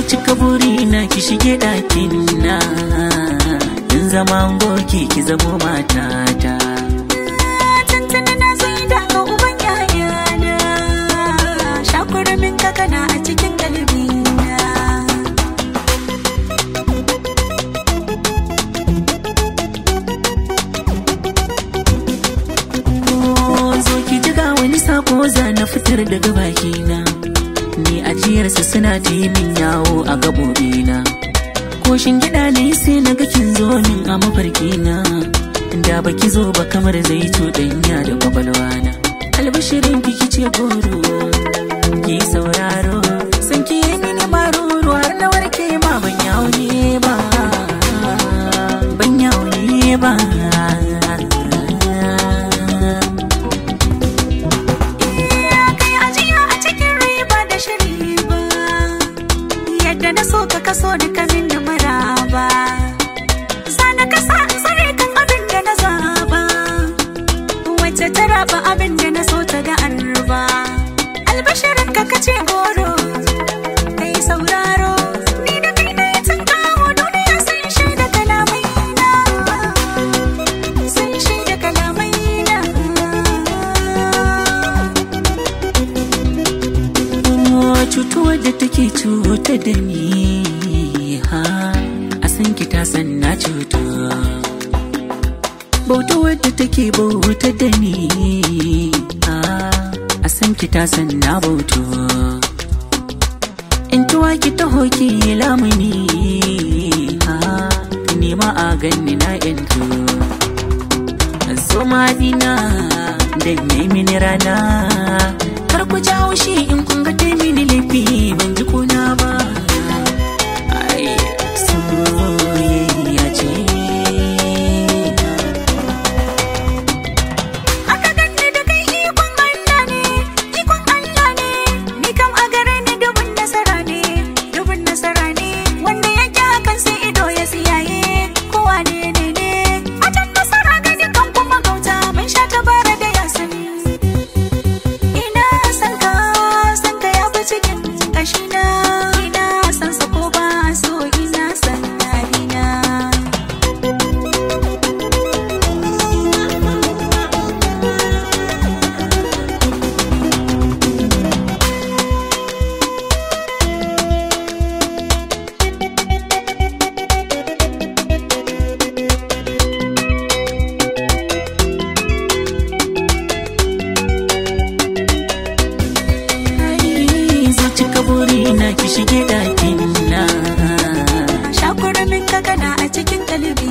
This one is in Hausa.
zo cika buri ki shige ɗakin na in zama goki ki zamo matata tantana na zo yi daga uban yayana shakura min kakana a cikin galibi Zo ki jiga wani sakoza na fitar daga bakina. ni ajiyarsa suna ta yi min yawo a na. koshin gida ne sai na ga kin zo min a mafarkina da baki zo ba kamar zai cuɗanya da na albashirin ce goro ki sauraro kekasih di kasih cutuwar da take cuta da ni ha a san ki ta san na cutu bautawar da take bauta da ni ha a san ki ta san na bautu in tuwa ki ta hoki lamuni ha nema a ganni na yanzu zo madina da mini rana kar ku jawo shi in kun ga cika buri na ki shige dakin na shakura min ka a cikin kalbi